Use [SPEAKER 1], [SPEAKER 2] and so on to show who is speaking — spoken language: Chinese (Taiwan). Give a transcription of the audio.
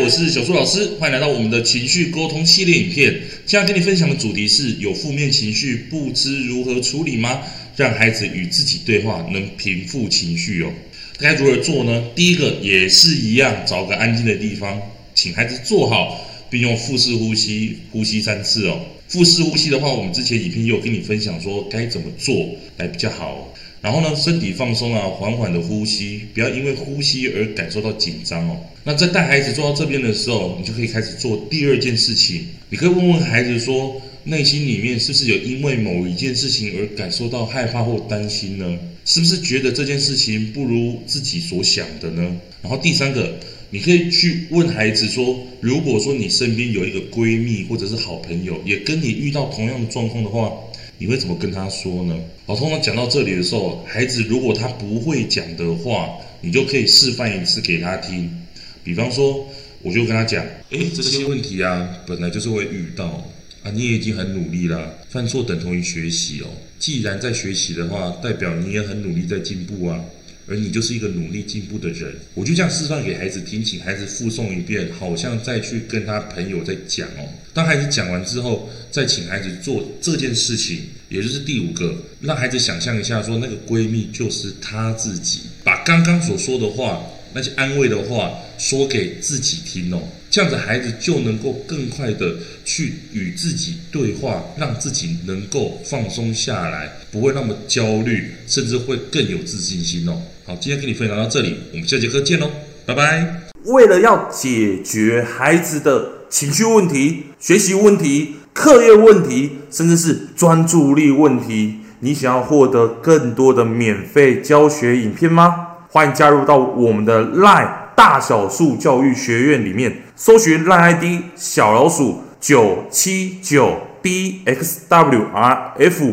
[SPEAKER 1] 我是小樹老師，歡迎來到我們的情緒溝通系列影片。今天跟你分享的主題是：有負面情緒不知如何處理嗎？讓孩子與自己對話，能平復情緒哦。該如何做呢？第一個也是一樣，找個安靜的地方，請孩子坐好。並用腹式呼吸呼吸三次哦。腹式呼吸的話，我們之前影片也有跟你分享說該怎麼做來比較好。然後呢，身體放鬆啊，緩緩的呼吸，不要因為呼吸而感受到緊張哦。那在帶孩子坐到這邊的時候，你就可以開始做第二件事情。你可以問問孩子說，內心裡面是不是有因為某一件事情而感受到害怕或擔心呢？是不是覺得這件事情不如自己所想的呢？然後第三個。你可以去問孩子說，如果說你身邊有一個閨蜜或者是好朋友，也跟你遇到同樣的狀況的話，你會怎麼跟她說呢？好，通常講到這裡的時候，孩子如果他不會講的話，你就可以示範一次給他聽。比方說，我就跟他講，哎，這些問題啊，本來就是會遇到啊，你也已經很努力啦，犯錯等同於學習哦。既然在學習的話，代表你也很努力在進步啊。而你就是一個努力進步的人，我就這樣示範給孩子聽，請孩子複誦一遍，好像再去跟他朋友在講哦。當孩子講完之後，再請孩子做這件事情，也就是第五個，讓孩子想象一下說，說那個閨蜜就是他自己，把剛剛所說的話，那些安慰的話，說給自己聽哦。這樣子，孩子就能夠更快地去與自己對話，讓自己能夠放鬆下來。不會那麼焦慮，甚至會更有自信心哦。好，今天跟你分享到這裡，我們下節課見嘍，拜拜。為了要解決孩子的情緒問題、學習問題、課業問題，甚至是專注力問題，你想要獲得更多的免費教學影片嗎？歡迎加入到我們的 LINE 大小樹教育學院裡面，搜尋 LINE ID 小老鼠九七九 dxwrf。